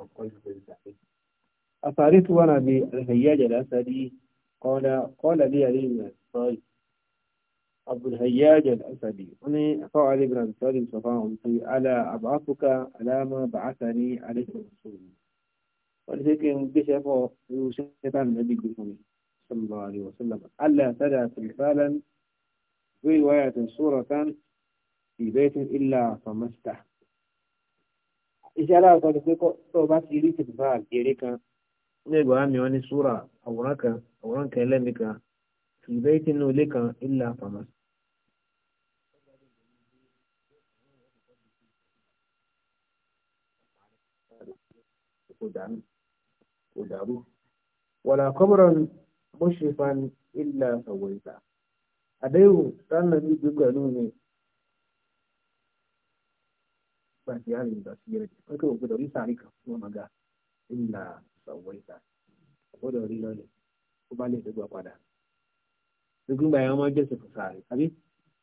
والقلب بالتحقيق أفارقت وأنا بالهياج الأسدي قال قال لي علي بن الصاي أبو الهياج الأسدي أني فعل ابن أنصاري صفاهم في ألا أبعثك على ما بعثني عليك الرسول ولكن بشفه يوسفان النبي صلى الله عليه وسلم ألا تدع تمثالا في رواية سورة في بيت إلا طمسته iṣẹ́ aláàkọ́ ni pé tó o bá ti rí tìǹbà èrè kan ní ẹgbàá mi wọn ní súra àwòrán kan àwòrán kan ẹlẹ́mìí kan ìbẹ́ ìtinú ilé kan ilà àfàmà. Wàlà kọ́bùrán bó ṣe fa ilà àfàwọ̀ ìta. Àdéhùn tánà ní gbígbẹ̀lú mi فاجعل البصيرة فكر قدر يسارك ومغا إلا سويتا قدر لله وبالي تبقى قدا يقول بأي أما جسد ساري أبي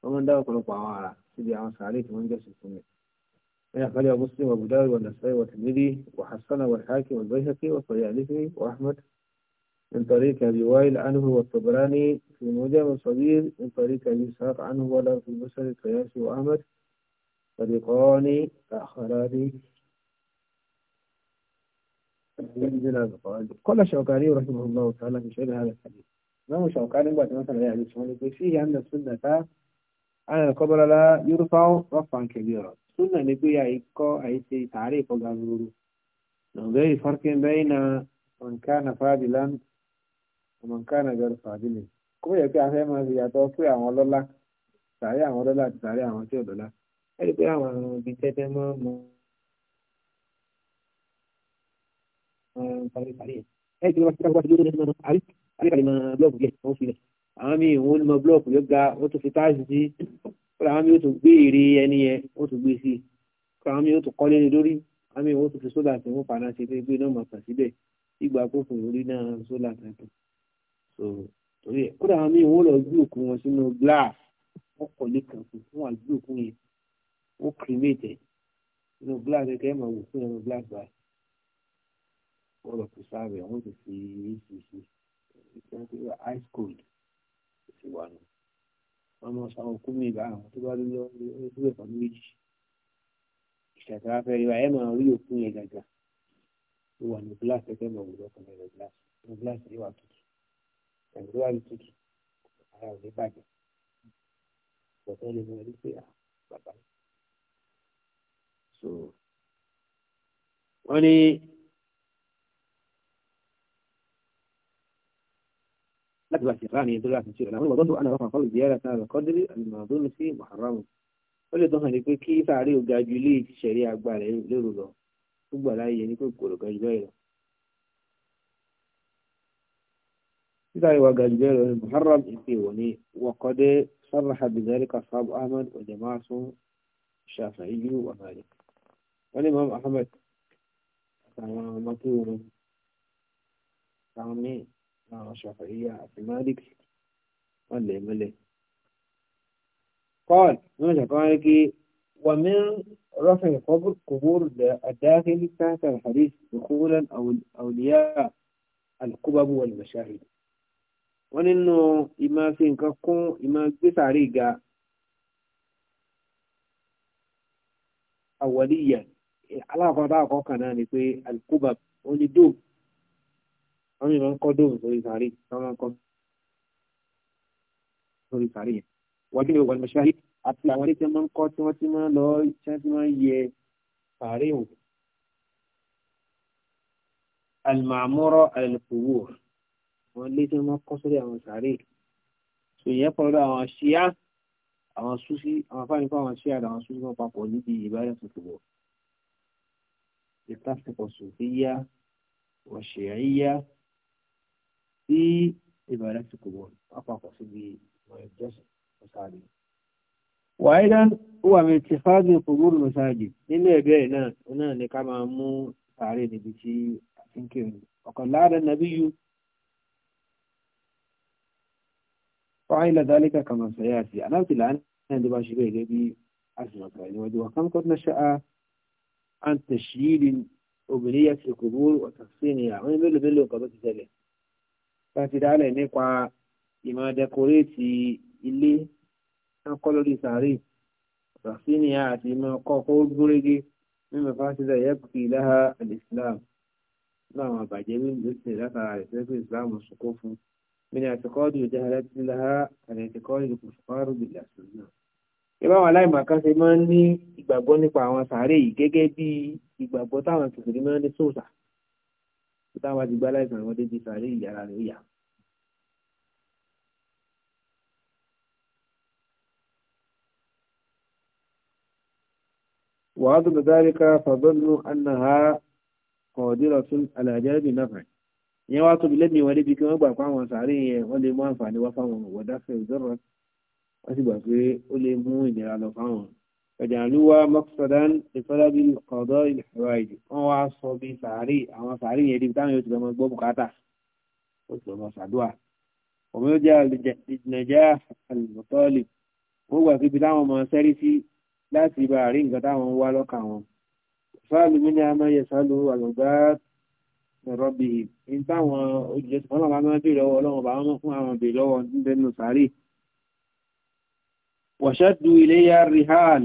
ومن دعوة قلوب عوارا سيدي عوان آه، ساري كمان جسد سمي فيخلي مسلم وابو داود والنسائي والترمذي وحسن والحاكم والبيهقي والطيالسي واحمد من طريق أبي وائل عنه والطبراني في موجب الصغير من طريق أبي إسحاق عنه ولا في مسند القياسي وأحمد صديقان آخران كل شوكاني رحمه الله تعالى في شرح هذا الحديث ما شوكاني بعد مثلا يعني شوكاني فيه أن السنة على القبر لا يرفع رفعا كبيرا السنة إيكو أي شيء تعريف الأمور غير فرق بين من كان فاضلا ومن كان غير فاضل كم يكي أخي ما زيادة في أمر الله تعالى أمر الله تعالى أمر الله ẹ̀rí pé àwọn àrùn ibi tẹ́tẹ́ máa mọ paríparí ẹ̀ ẹ̀ tí wọ́n bá ti káwọ́ bá ti lóde lẹ́nu àrí àríkàlẹ̀ mọ blọ́ọ̀kù yẹ wọ́n filẹ̀ àwọn míì wọ́n mọ blọ́ọ̀kù yóò ga wọ́n tún fi táàsì sí kọ́lá àwọn míì ó tún gbé èrè ẹni yẹn wọ́n tún gbé sí i kọ́lá àwọn míì ó tún kọ́lé ní lórí tí wọ́n fana ṣe pé gbé náà mọ̀ kàn síbẹ̀ ìgbà kófò lórí náà sólà tuntun so torí ẹ̀ kọ́lá àwọn míì wọ́n lọ gbé òkú wọn sínú gíláàsì wọ́n kọ́lé kan fún wọn àgbé òkú yẹn ó kìrìmẹ́tẹ̀ inú glass kẹ́kẹ́ mọ̀ wò fún ẹnu glass báyìí wọ́n lọ fi sáré wọ́n ti fi ìṣiṣi ìṣẹ́ńtìwá ice cold kò sí wà nù wọ́n mọ̀ sọ àwọn òkú mi bá àwọn tó bá lọ lórí ẹ̀fọ́ méjì ìṣẹ̀tẹ̀ wá fẹ́ rí wa ẹ̀ máa rí òkú yẹn gàgà ó wà ní glass kẹ́kẹ́ mọ̀ wò lọ́kùnrin rẹ̀ glass ní glass yìí wà tútù ẹ̀rọ wà tútù ara ò ní bàjẹ́ bọ̀tẹ́ lè mọ̀ ẹ́ pé bàbá yìí so wọ́n ní láti bá ṣe ráàní ìdúrà àti ṣẹlẹ̀ àwọn ìwọ̀dọ́dọ̀ àná wọ́n fọ́lù ziyara tán àlọ́kọ́dírí àlùmọ̀ọ́dún sí muharram ó lè tán hàn ní pé kí sáré ọ̀gá ju ilé ìṣẹ̀rí agbára lérò lọ gbogbo àlàyé ní pé kòrò kan jù bẹ́ẹ̀ lọ. سيدي وقال المحرم يقيوني وقد صرح بذلك أصحاب أحمد وجماعة الشافعي ومالك والإمام أحمد رحمة الله الشافعية في مالك قال لي ملي قال ماذا قال لك ومن رفع قبر قبور الداخل تحت الحديث دخولا أو الأولياء القبب والمشاهد وننو إما في fi إما kún ìmọ̀ aláàfáàdá àkọ́kàn náà ni pé alikuba ó ní dóòmù àwọn èèyàn ń kọ́ dóòmù sórí sàárè wọ́n máa ń kọ́ sórí sàárè yẹn wọ́n ní ìwọ̀n mọ̀ṣáhí àti àwọn ilé tí wọ́n máa ń kọ́ tí wọ́n ti máa ń lọ tí wọ́n ti máa ń yẹ sàárè wò. alimamọ́rọ́ alẹ́lẹ́kùwò àwọn ilé tí wọ́n máa ń kọ́ sórí àwọn sàárè sòyìn ẹ̀pọ̀ lọ́dọ̀ àwọn ṣíà àwọn súsí àwọn afáàníkọ́ àwọn ṣíà àtàwọn súsí wọn papọ̀ níbi ìbáraẹ̀sìn لتفرق الصوفية والشيعية في عبادات القبور أفاق سيدي ويجس وصالي وأيضا هو من اتخاذ قبور المساجد لما يبيعنا هنا نكام أمو فعلي نبيتي أتنكر وقال لعل النبي فعل ذلك كما سياسي أنا أبتل عنه عندما شبه لدي أسمك وكم قد نشأ عن تشييد أبنية القبور وتحسينها wọ́n ní mélòó mélòó nǹkan tó ti ṣẹlẹ̀ láti dálẹ̀ nípa ìmọ̀ dẹkoréètì ilé kọ́ lórí sàárè tàṣínìyà àti ìmọ̀ kọ́kọ́ gúnrégé mímọ̀ fásitì ẹ̀yẹ́kùkì láha alìsílám láwọn àbàjẹ́ mímọ̀ sí látara ìṣẹ́kù ìsìlámù sùkó fún mímọ̀ àtikọ́dù ìjẹ́ alẹ́tìláha àti ìtikọ́dù kùsùkọ́rù bìlà sùn náà ìbáwọn aláìmọ̀kan ṣe máa ń ní ìgbàgbọ́ nípa àwọn sàárè yìí gẹ́gẹ́ bí ìgbàgbọ́ táwọn kìkìrì máa ń ní sóòsà tó táwọn ti gbá láìsàn àwọn débi sàárè yìí ara rẹ̀ ó yà. وعدم ذلك فظنوا أنها قادرة على جلب نفع ìyẹn wá tóbi lẹ́mìí wọn débi kí wọ́n gbà pa àwọn sàárè yẹn wọ́n lè mú àǹfààní wá fáwọn wọ̀dáfẹ́ ìdọ́rọ̀ wọ́n sì gbà pé ó lè mú ìnira lọ fáwọn ẹ̀dàlúwà mọ́kúsọ̀dán ìfọ́lábí ọ̀dọ́ ìlẹ̀rọ ìdì wọ́n wá sọ bí sàárì àwọn sàárì yẹn di táwọn yóò ti lọ́mọ gbọ́ bùkátà ó ti lọ́mọ sàdúà ọmọ yóò jẹ́ àlùjẹ̀nàjà àlùmọ̀tọ́ọ̀lì wọ́n gbà pé táwọn ọmọ sẹ́rí sí láti ibà rí nǹkan táwọn ń wá lọ́kà wọn. sáàlù mi ní a máa yẹ sáàlù àlùgbá rọ́bì ní táwọn olùjẹ́sìn wọ̀ṣẹ́dù iléyà rihal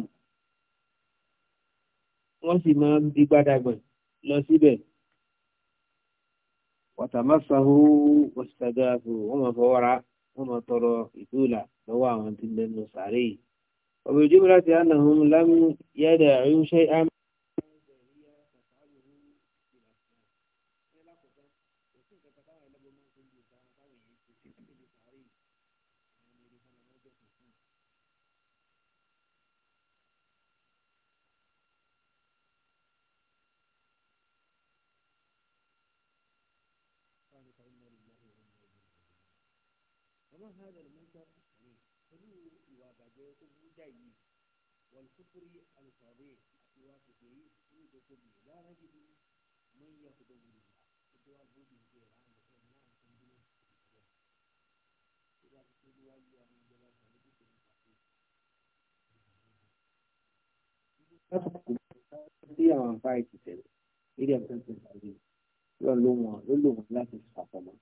wọ́n sì máa ń di gbádàgbẹ̀ lọ síbẹ̀ wàtàmásáhù wọ́sítàgáàfù wọ́n máa fọwọ́ra wọ́n máa tọrọ ìdúlà lọ́wọ́ àwọn tí lẹ́nu sàárè ọ̀bẹ̀jùmọ́ láti ànàhùn lámú yẹ́dà ríṣẹ́ àmì وهذا المنكر pẹ̀lú ìwà àbàjẹ́ tó burú dà yìí wọ́n kúkúrú alùpàdé ìwà kòkè yìí ní ìdókò bìí lára gidi mọ́ ìyá kòkò bìí kòkò wà bóbi ìgbé rà ní ọ̀sẹ̀ ní àwọn tó ń dúró ìgbẹ́. ìwà kòkè yìí wá yí àwọn ìjọba ìgbàlódé tó ń pàṣẹ. sí àwọn àǹfààní ìtìsẹ̀lẹ̀ eré ẹ̀fẹ́ tó ń pàṣẹ ló lò wọ́n láti fàfọ́mọ́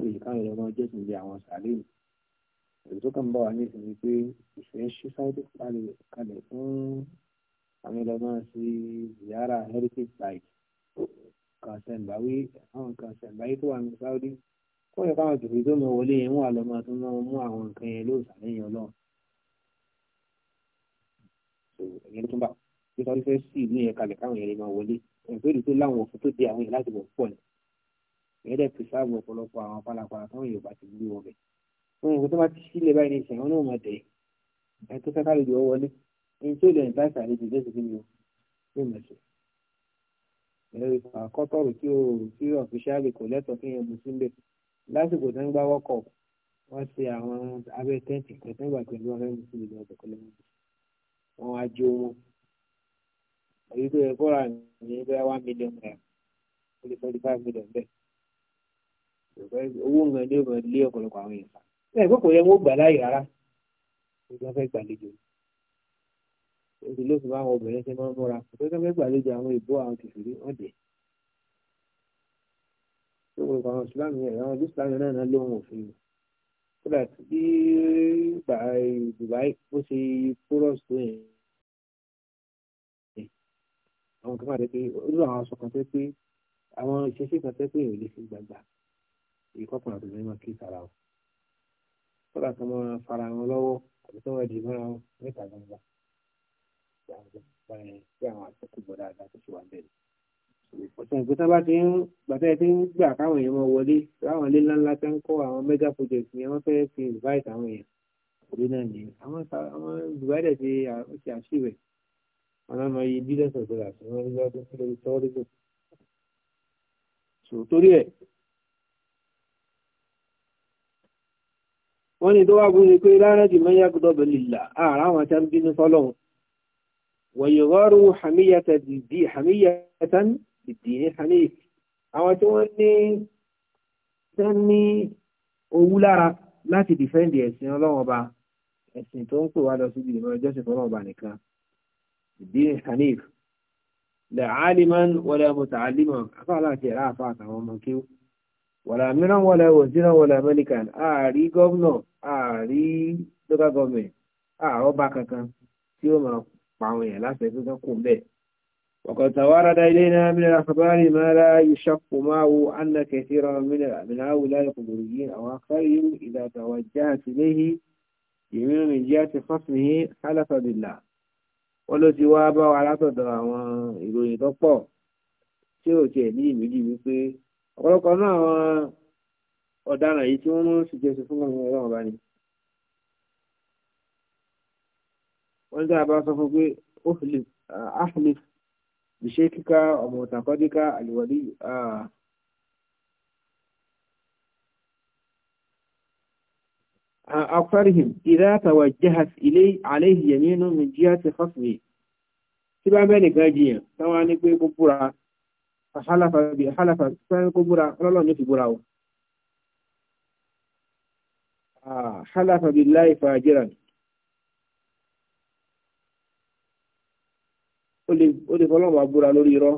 oyè káwọn èèyàn máa jẹ́ ìsinmi àwọn sàlẹ̀ mi tó kàn bọ̀ wá ní ìsinmi pé ìfẹ́ ṣí sáyẹ́dì kalẹ̀ fún àwọn èèyàn máa ṣe heritage site kan ṣẹ̀ǹbáwí àwọn kan ṣẹ̀ǹbáwí tó wà ní Saudi kó yẹ káwọn tòkè tó mọ wọlé yẹn wà lọ́mọ tó mọ mú àwọn nǹkan yẹn lóò sàlẹ̀yìn ọlọ́run ìyẹn tó bá nítorí fẹ́ sí ìlú yẹn kalẹ̀ káwọn èèyàn lè máa wọlé ìpèrè tó láwọn òfin tó dé àwọn yẹn láti wọ̀ ìyẹn dẹ̀ pèsèàbò ọ̀pọ̀lọpọ̀ àwọn pálapàla táwọn Yorùbá ti gbé wọbẹ wọn yẹn kó tó bá ti sílẹ̀ báyìí ní ìsìn àwọn náà mọ tẹ ẹ tó fẹ́ kálejò wọlé ẹni tó lè ní báyìí sàlejò lẹsẹ kí ni o yóò mẹsẹ ẹ̀rí àkọ́tọ̀rù tí o tí ọ̀fíṣàlì kò lẹ́tọ̀ọ́ fi yẹn mu sílẹ̀ lásìkò tó ń gbá wọ́kọ̀ wọ́n ṣe àwọn abẹ́ tẹ́ǹtì kẹtẹ́ ìgbà pẹ̀lú ọ̀rẹ́ mi sílẹ̀ lọ ọ̀dọ̀ kọlẹ́ wọn wá jó wọn èyí tó yẹ kó rà ní bẹ́ẹ̀ one million naira ó lè fẹ́ di five million bẹ́ẹ̀ owó nǹkan ló máa lé ọ̀pọ̀lọpọ̀ àwọn èèyàn bẹ́ẹ̀ pé kò yẹ wọ́n gbà láàyè rárá nǹkan fẹ́ gbàlejò oṣù ló fi obìnrin ṣe máa ń múra pé kí gbàlejò àwọn ìbò àwọn kìfìrí wọ́n dẹ̀ lóògùn àwọn ìsìlámù yẹn àwọn ìsìlámù náà náà lóhun òfin so that bí Dubai bó ṣe porous tó yẹn àwọn kan máa tẹ́ pé ó lọ àwọn aṣọ kan tẹ́ pé àwọn ìṣesí kan tẹ́ pé èèyàn ìkọkùnrin àti obìnrin máa kí sara o kódà kan máa fara wọn lọ́wọ́ àbí tó wọn di mọ́ra wọn níta gbangba tí àwọn àtúntò bọ̀ dáadáa tó ti wà bẹ́ẹ̀ ọ̀sẹ̀ nǹkan tá bá ti ń gbàtà ẹ ti ń gbà káwọn èèyàn máa wọlé láwọn ilé ńláńlá tí ń kọ́ àwọn mega project yẹn wọ́n fẹ́ẹ́ fi invite àwọn èèyàn òde náà nìyẹn àwọn àwọn dubai dẹ̀ ti ṣe àṣìwẹ̀ àwọn ọmọ yìí bílíọ̀nù ọ̀gbọ̀n àti wọn lọ́dún tó lórí tọ́wọ́dẹ́gbọ̀n. sòtórí ẹ̀ wọ́n ní tó wá bú ni pé lára jù mẹ́yà gbọ́dọ̀ bẹ̀lì là ààrà àwọn tán bínú fọ́lọ́hun wọ̀nyọ̀rọ̀ hamiyatan dìdí ní hanif àwọn tí wọ́n ní tán ní owú lára láti dìfẹ́ǹdì ẹ̀sìn ọlọ́run ọba ẹ̀sìn tó ń pè wá lọ wàlà mìíràn wàlà wòzírà wàlà mẹ́líkàn ààrí gọ́vnà ààrí local government ààrọ̀ bá kankan tí ó máa pa àwọn èèyàn láti ẹgbẹ́ kan kò ń bẹ̀. وقد توارد إلينا من الأخبار ما لا يشق معه أن كثيرا من هؤلاء القبوريين أو أكثرهم إذا توجهت إليه يمين من جهة خصمه حلف بالله wọ́n ló ti wá bá wa látọ̀dọ̀ àwọn ìròyìn tó pọ̀ tí ò tiẹ̀ ní ìmìlì wípé ọ̀pọ̀lọpọ̀ náà àwọn ọ̀daràn yìí tí wọ́n mú sí jésù fún ọmọ ọlọ́run bá ní. wọ́n ń dábàá sọ fún pé ó fi lè áfìlè ìṣe kíká ọmọ ọ̀tàkọ́díkà àlùwọ̀lì akfarihim ìdá tawajjahat ilé àléhìyẹ nínú mìjíà ti fọ́sùwì tí bá bẹ́ẹ̀ nìkan jiyàn táwọn á ní pé gbogbo ra àhálàfà bíi àhálàfà sáré kó búra ọlọ́run yóò fi búra o àhálàfà bíi láì fàájìrà ó lè fọlọ́mà búra lórí irọ́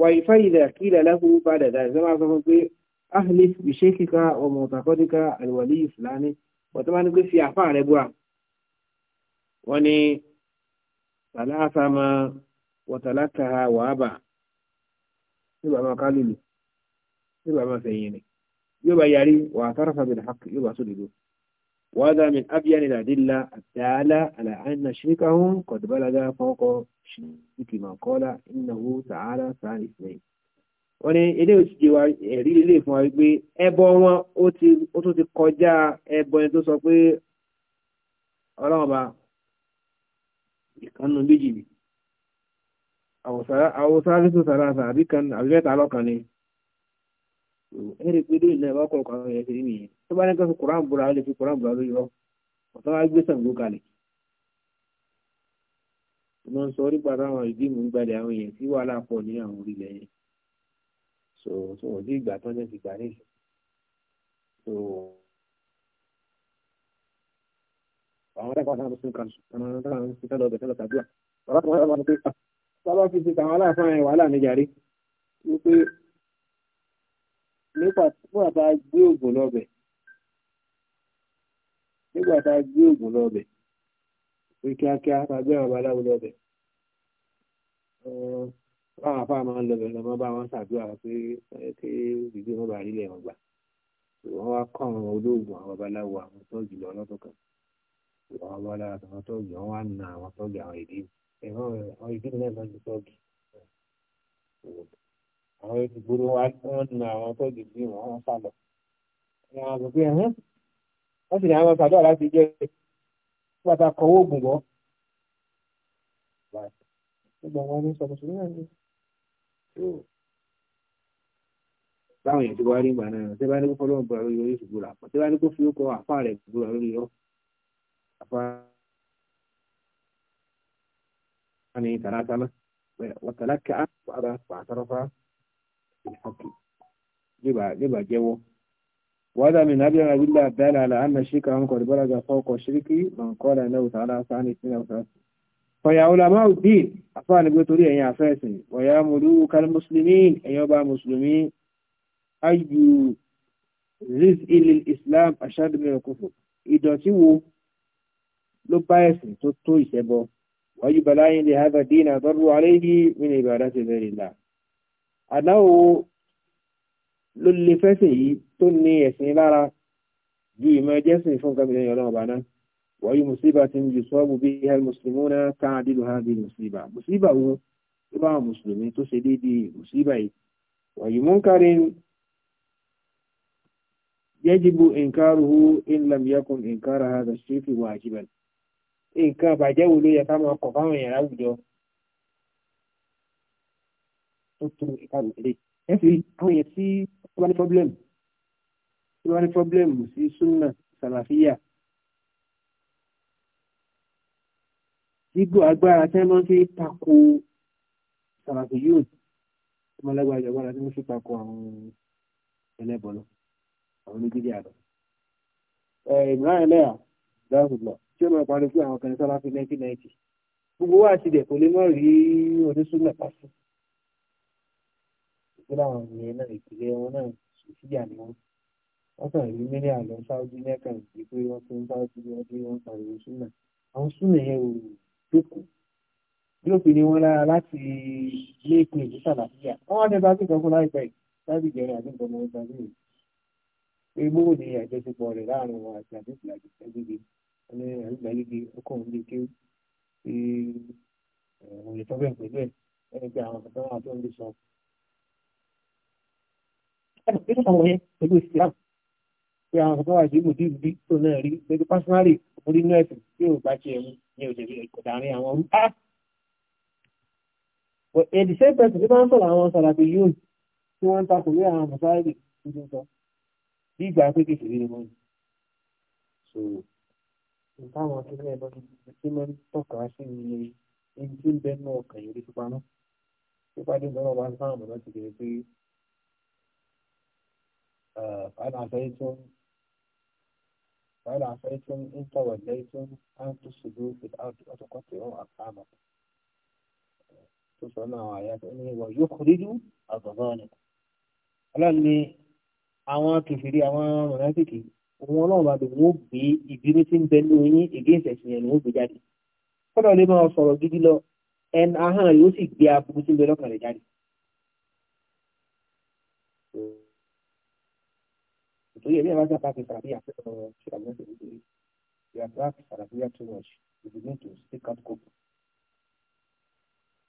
wà ìfá ilẹ̀ àkílẹ̀ lẹ́kùn bá dàda ìsẹ́mà sọ fún pé ahlif iṣẹ́ kíkà ọmọ ọ̀tàkọ́díkà àlùwàlí ìfìlání wọ́n tó máa fi àfáà rẹ̀ búra wọ́n ní tàlàfàmà wọ̀tàlákàá wàábà yóò bá máa ká lùlù yóò bá máa fẹ̀yìn rìn yóò bá yarí wà á tọ́rọ̀ fàbí yóò bá sódodo. وهذا من أبين الأدلة الدالة على أن شركهم قد بلغ فوق شرك من قال إنه تعالى ثاني اثنين wọ́n ní ilé òsì jẹ́ wa ẹ̀rí ilé fún wa wípé ẹbọ wọn ó tún ti kọjá ẹbọ yẹn tó sọ pé ọlọ́run ọba ìkànnù méjì ni àwòsáré tó sára àṣà àbí kan àbí mẹ́ta lọ́kàn ni ẹ̀rì pé lóyìn náà wọ́n kọ̀ọ̀kan àwọn ẹ̀sìn nìyẹn tó bá ní kan fi kùrán búra lè fi kùrán búra lórí ọ ọ̀tá wá gbé Ṣàngó kalẹ̀ mo ń sọ nípa táwọn ìdí mú gbalẹ̀ àwọn èèyàn tí wàhálà pọ̀ ní àwọn orílẹ̀ yẹn so so wọ́n dé ìgbà tán náà ti gbà ní ìsìn so àwọn ẹ̀kọ́ àtàwọn tó ń kan sùn àwọn ọ̀tá àwọn ń sùn tẹ́lọ̀ ọ̀bẹ̀ sábà fi ṣe tàwọn aláàfáà yẹn wàhálà ní jàre wípé nígbà tá a gbé ògùn lọ́bẹ̀ nígbà tá a gbé ògùn lọ́bẹ̀ pé kíákíá tá a gbé àwọn babaláwo lọ́bẹ̀ báwọn afáà máa ń lọ́bẹ̀ lọ́mọ bá wọn ṣàdúrà pé kí ìdílé wọn bá rí ilẹ̀ wọn gbà wọ́n wá kọ́ àwọn olóògùn àwọn babaláwo àwọn tọ́jú lọ àwọn babaláwo àtàwọn tọ́jú wọn wá na àwọn tọ́jú àwọn ìdílé ẹ̀hán àwọn ìdílé náà máa ń tọ́jú àwọn ìgboro wa wọ́n na àwọn tọ́jú bí wọ́n wọ́n sá lọ. àwọn àgbègbè ẹ̀hán wọ́n sì ní àwọn sàdọ́ láti jẹ́ pátá kọ́wọ́ ògùn bọ́. gbogbo ni. báwọn èèyàn ti wá rí ìgbà náà tẹ́ bá ní kó fọlọ́ọ̀bù àlórí orí ìṣubú rà يعني تناسل وتلكأ وأبى واعترف بالحق جبا جبا جو، وهذا من أبي عبد الله دل على أن الشرك قد بلغ فوق الشرك من قال أنه تعالى ثاني اثنين وثلاثة فيا علماء الدين أفعل بطريقة يا فاسن ويا ملوك المسلمين أيها المسلمين أي رزق للإسلام أشد من الكفر إذا تيو لو بايسن تطوي سبو ويجب لا لهذا الدين يضر عليه من عبادة غير الله أنه للفسي تني يسني لارا جي ما جسني فوق من يلوبنا وأي مصيبة يصاب بها المسلمون تعدل هذه المصيبة مصيبة هو تبع مسلمين تسدي مصيبة وأي منكر يجب إنكاره إن لم يكن إنكار هذا الشيء واجبا nǹkan àbàjẹ́ wo ló yẹ ká máa kọ̀ fáwọn èèyàn láwùjọ tó tó ìkàwé ilé ẹ fi àwọn èèyàn tí wọ́n bá ní problem tí wọ́n bá ní problem sí súnà sàlàfíà gbígbó agbára tí wọ́n fi tako sàlàfí yóò ọmọlẹ́gbàá ìjọba tí wọ́n fi tako àwọn ẹlẹ́bọ̀ lọ àwọn onígbèdè àlọ́ ẹ̀ ìmúra ẹlẹ́yà dáhùn lọ tí ó máa parí pé àwọn kan sábà fi nineteen ninety gbogbo wa ti dẹ̀ kò lè má rí onísùnà pàṣẹ ìpínlẹ̀ àwọn ènìyàn náà ìpínlẹ̀ wọn náà sòfíà ni wọn wọ́n kàn rí mílíọ̀nù àlọ́ sáwọ́dí mẹ́ka ìdí pé wọ́n tún sáwọ́dí ọdún wọn pariwo súnà àwọn súnà yẹn ò dókòó yóò fi ní wọn lára láti ilé ìpín ìlú sàlàfíà wọn wá nípa pé kankan láìpẹ́ láti jẹrẹ àti ọmọ ọgbà ní àgbàlejò ọkọ̀ òun lè ké sí òun lè tọ́bẹ̀ pẹ̀lú ẹ̀ ẹni pé àwọn ọ̀sán àwọn tó ń lè sọ. ẹnì pé àwọn yẹn pẹ̀lú islam pé àwọn ọ̀sán wà sí mòdì bí tó náà rí pẹ̀lú pásítọ́nárì orí inú ẹ̀sìn tí ò bá ti ẹ̀mú ní òjèlè ìkọ̀dà àárín àwọn orú. èdè ṣe pẹ̀sì tí wọ́n ń sọ̀rọ̀ àwọn sàlàbí yóò tí wọ́n ń takò lé àwọn mọ̀sáárì tuntun sọ bí ìgbà pé kékeré ni wọ́n ń sọ̀rọ̀ táwọn akẹ́kọ̀ọ́ ẹ̀ bá ti ti máa ń tọ́ka sí iye ẹni tí ń bẹ náà kàn yìí fi pamọ́ tó bá dé lọ́wọ́ bá ń fáwọn ọ̀nà ti bèrè pé فألعفيتم فألعفيتم إن توليتم أن تفسدوا في الأرض وتقطعوا أرحامكم تصنع آيات أني ويخرج أضغانكم ọlọ́run ni àwọn kìfìrí àwọn mọ̀nàfíkì òun ọlọ́run bá lòun ó gbé ìbínú tí ń bẹ ní oyin against ẹ̀sìn yẹn lòun ó gbé jáde kọ́dọ̀ lè máa sọ̀rọ̀ gidi lọ ẹn ahọ́n rẹ̀ ó sì gbé aburú tí ń bẹ lọ́kàn rẹ̀ jáde. nítorí ẹ̀mí àbájá bá fi sàràbíyà fẹ́ ọ̀rọ̀ ṣàlàyé ọ̀sẹ̀ nítorí you attract sàràbíyà too much you begin to stick out cope.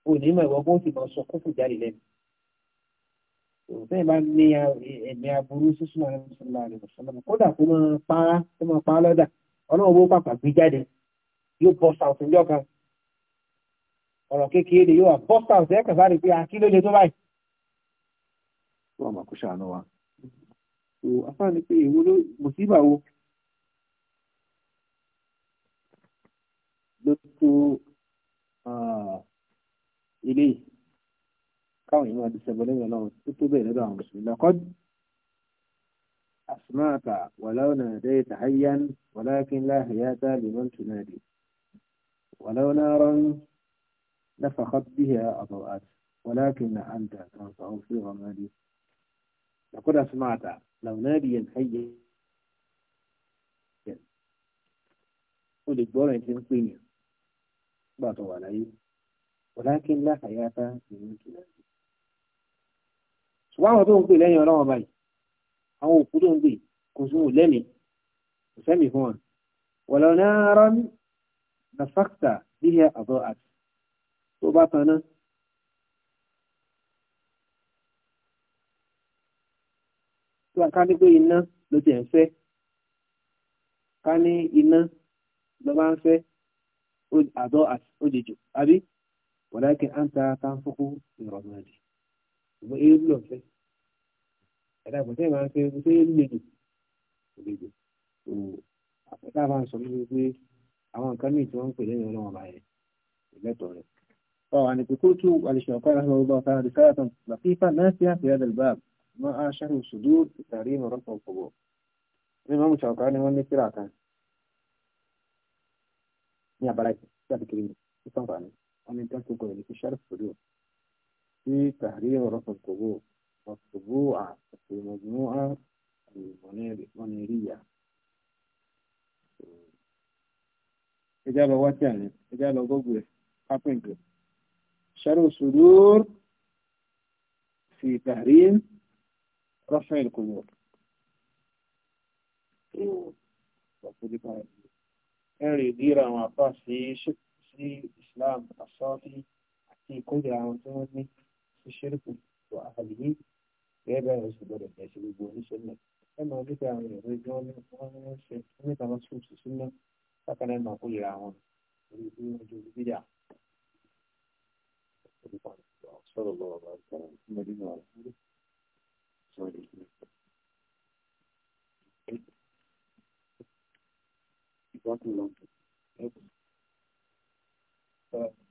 òní mọ̀ ìwọ́gbọ́n ti máa sọ kókò jáde lẹ́nu òtẹ́ ìbá ní ẹ̀mí aburú sísun àwọn ìṣẹ̀lẹ̀ àrẹ ìṣẹ̀lẹ̀ kódà kó máa para kó máa para lọ́dà ọlọ́run bó pàpà gbé jáde yóò bọ́ south ńjọ́ kan ọ̀rọ̀ kékeré ni yóò wà bọ́ south ẹ̀ kàfà rí pé akí ah, ló lè tó báyìí. wọ́n máa kó ṣàánú wa. so afá ni pé èwo ló mùsíbà wo ló tó ilé ah, yìí. حاول ما تسبلي لا تطبي لا لقد أسمعت ولو ناديت حيا ولكن لا هيات لمن تنادي ولو نارا نفخت بها أضاءت ولكن أنت تنفع في غمادي لقد أسمعت لو ناديا حيا ولد بورين تنقيني بطول ولكن لا حياة لمن تنادي ṣùgbọ́n àwọn tó ń pè lẹ́yìn ọlọ́wọ́n báyìí àwọn òkú tó ń pè kò sún ò lẹ́mìí kò fún wọn na tó bá tó ká ní iná ló ti ń ní iná ló bá ń fẹ́ àbọ̀ àti ó àbí ṣùgbọ́n eérú náà fẹ́ ẹ̀dá kò tẹ́ ẹ̀ máa ń fẹ́ kó tẹ́ eérú lè dò kò lè dò kò àpẹẹrẹ àwọn sọ fún mi pé àwọn nǹkan míì tí wọ́n ń pè lẹ́yìn ọlọ́run ọba yẹn ìlẹ́tọ̀ rẹ̀. طبعا الكوت والشوكان رحمه الله تعالى رسالة لطيفة ناسية في هذا الباب ما أشهر الصدور في تحريم رفع القبور. الإمام الشوكاني هو النبي كان. يا بلاك يا بكريم. يستنفعني. أنا كنت أقول لك الشرف الصدور. في تحرير رفع الطبوع والطبوع في المجموعة المنيرية إجابة واتاني إجابة قبل حقنك شر صدور في تحريم رفع القبور ẹ̀rì ìdíra àwọn àpá sí islam àsọ́ọ̀tì àti ìkójà àwọn tí wọ́n ní ṣíṣírìkù tó àhàlìyé gẹ́gẹ́ bí àwọn oṣù gbọdọ̀ bẹ̀rẹ̀ sí gbogbo oníṣẹ́ náà ẹ máa nípa àwọn ìyàwó ẹgbẹ́ wọn ní wọ́n ń ṣe nípa wọn sùn sí súnmọ́ bákan náà máa kórìíra àwọn orí bí wọ́n ju bíyà. صلى الله عليه وسلم محمد وعلى آله وصحبه أجمعين جزاكم الله خيرا